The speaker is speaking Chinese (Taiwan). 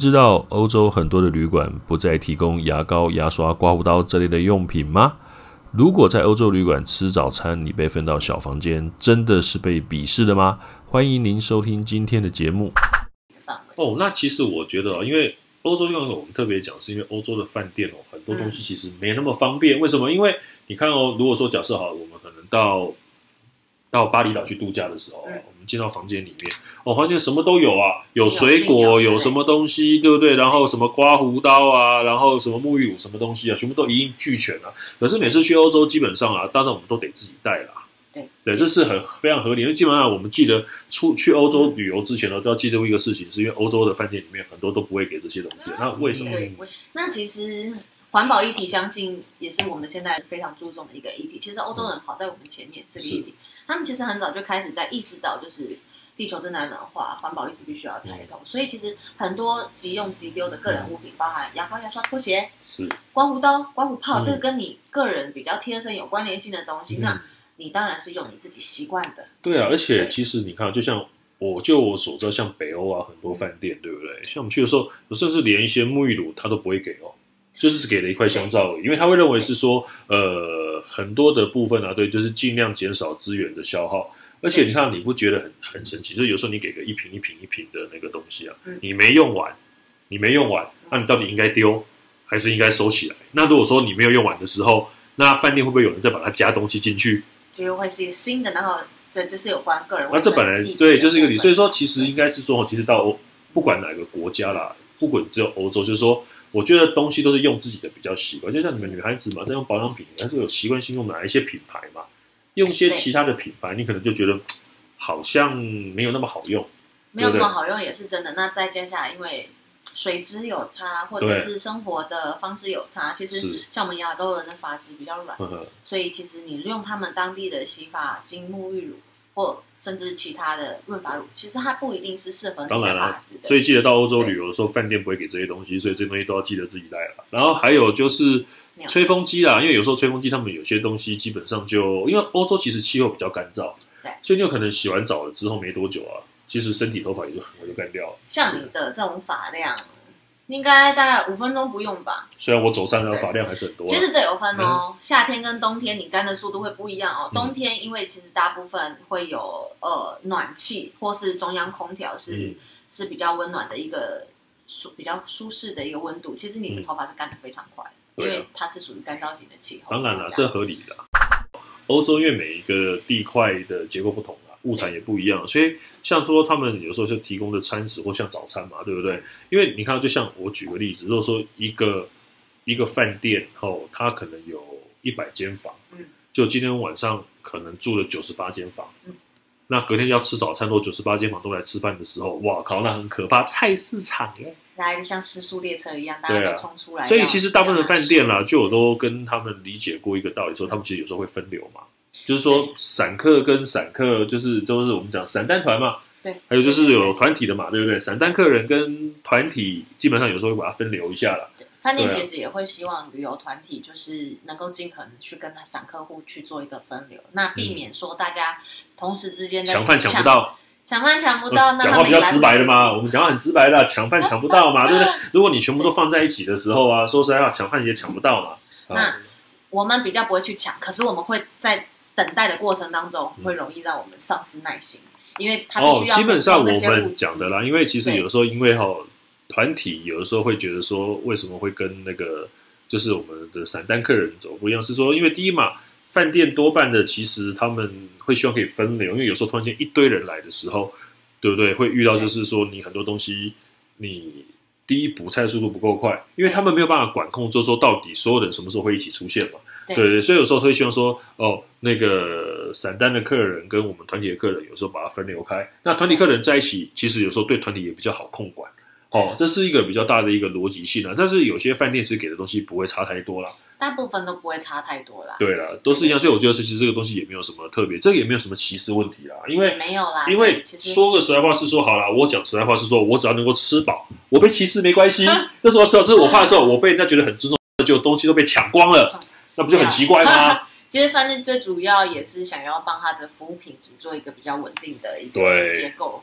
知道歐洲很多的旅館不再提供牙膏、牙刷、刮鬍刀這類的用品嗎？如果在歐洲旅館吃早餐，你被分到小房間，真的是被鄙視的嗎？歡迎您收聽今天的節目。哦，那其實我覺得，因為歐洲地方我們特別講，是因為歐洲的飯店哦，很多東西其實沒那麼方便。為什麼？因為你看哦，如果說假設好，我們可能到。到巴厘島去度假的時候，嗯、我們進到房間裡面，哦，房間什麼都有啊，有水果，有，有，有什麼東西，對不對？然後什麼刮鬍刀啊，然後什麼沐浴乳，什麼東西啊，全部都一應俱全啊。可是每次去歐洲，基本上啊，當然我們都得自己帶啦。對，對，對，這是很非常合理。因為基本上我們記得出去歐洲旅遊之前呢，都要記住一個事情，是因為歐洲的飯店裡面很多都不會給這些東西。啊、那為什麼？對，那其實。環保議題，相信也是我們現在非常注重的一個議題。其實歐洲人跑在我們前面，這個議題，他們其實很早就開始在意識到，就是地球正在暖化，環保意識必須要抬頭。所以，其實很多即用即丟的個人物品，包含牙膏、牙刷、拖鞋，是刮鬍刀、刮鬍泡，這個跟你個人比較貼身有關聯性的東西，那你當然是用你自己習慣的。對啊，而且其實你看，就像我就我所知道，像北歐啊，很多飯店，對不對？像我們去的時候，甚至連一些沐浴乳，他都不會給哦。就是只給了一塊香皂而已，對因為他會認為是說，對呃，很多的部分啊，對，就是儘量減少資源的消耗。對而且你看，你不覺得很很神奇？就是有時候你給個一瓶一瓶一瓶的那個東西啊，對你沒用完，你沒用完，那、嗯啊、你到底應該丟，還是應該收起來？那如果說你沒有用完的時候，那飯店會不會有人再把它加東西進去？就會是一個新的，然後這就是有關個人。那這本來對就是一個理。所以說，其實應該是說，其實到歐不管哪個國家啦，不管只有歐洲，就是說。我覺得東西都是用自己的比較習慣，就像你們女孩子嘛，在用保養品，但是有習慣性用哪一些品牌嘛？用一些其他的品牌，對你可能就覺得好像沒有那麼好用，對對對沒有那麼好用也是真的。那再接下來，因為水質有差，或者是生活的方式有差，對其實像我們亞洲人的髮質比較軟，是所以其實你用他們當地的洗髮精、沐浴乳。或甚至其他的潤髮乳，其實它不一定是適合的的。當然了、啊，所以記得到歐洲旅遊的時候，飯店不會給這些東西，對所以這些東西都要記得自己帶了。嗯、然後還有就是吹風機啦，有因為有時候吹風機他們有些東西基本上就，因為歐洲其實氣候比較乾燥，對，所以你有可能洗完澡了之後沒多久啊，其實身體頭髮也就很快就乾掉了。像你的這種髮量。應該大概五分鐘不用吧。雖然我走山的髮對量還是很多。其實這有分哦，嗯、夏天跟冬天你乾的速度會不一樣哦。冬天因為其實大部分會有呃暖氣或是中央空調，是、嗯、是比較溫暖的一個舒比較舒適的一個溫度。其實你的頭髮是乾的非常快，嗯啊、因為它是屬於乾燥型的氣候。當然了、啊，這，樣這合理的、啊。歐洲因為每一個地塊的結構不同、啊。物產也不一樣，所以像說他們有時候就提供的餐食或像早餐嘛，對不對？因為你看，就像我舉個例子，如果說一個一個飯店哦，它可能有一百間房，嗯、就今天晚上可能住了九十八間房，嗯、那隔天要吃早餐，如果九十八間房都來吃飯的時候，哇靠，那很可怕！菜市場哎，來，就像失速列車一樣，大家都衝出來。啊、所以其實大部分的飯店啦，就我都跟他們理解過一個道理說，說他們其實有時候會分流嘛。就是說，散客跟散客，就是就是我們講散單團嘛，對。還有就是有團體的嘛，對不對？散單客人跟團體基本上有時候會把它分流一下了。飯店其實也會希望旅遊團體就是能夠盡可能去跟他散客戶去做一個分流，那避免說大家同時之間搶飯搶不到，搶飯搶不到。那講話比較直白的嘛，我們講話很直白的，搶飯搶不到嘛，對不對？如果你全部都放在一起的時候啊，說實在話，搶飯也搶不到嘛。那我們比較不會去搶，可是我們會在。等待的過程當中會容易讓我們喪失耐心，嗯、因為他必須要、哦、基本上我們講的啦，因為其實有時候對因為吼團體，有的時候會覺得說，為什麼會跟那個就是我們的散單客人走不一樣？是說，因為第一嘛，飯店多半的其實他們會需要可以分流，因為有時候突然間一堆人來的時候，對不對？會遇到就是說你很多東西，對你第一補菜速度不夠快，因為他們沒有辦法管控，就是說到底所有人什麼時候會一起出現嘛。對，對，對，所以有時候會希望說，哦，那個散單的客人跟我們團體的客人有時候把它分流開。那團體客人在一起，嗯、其實有時候對團體也比較好控管。哦，這是一個比較大的一個邏輯性啊。但是有些飯店是給的東西不會差太多啦，大部分都不會差太多啦。對啦，都是一樣。對對對，所以我覺得，其實這個東西也沒有什麼特別，這個也沒有什麼歧視問題啦。因為沒有啦。因為其實說個實在話是說，好啦，我講實在話是說，我只要能夠吃飽，我被歧視沒關係。但是我吃飽之後，就是、我怕的時候，嗯、我被人家覺得很尊重的，就東西都被搶光了。嗯那不就很奇怪嗎？啊？其實飯店最主要也是想要幫他的服務品質做一個比較穩定的一個結構。